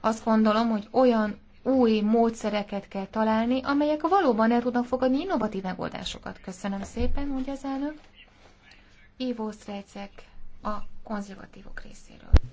Azt gondolom, hogy olyan új módszereket kell találni, amelyek valóban el tudnak fogadni innovatív megoldásokat. Köszönöm szépen, mondja az elnök. Ivo a konzervatívok részéről.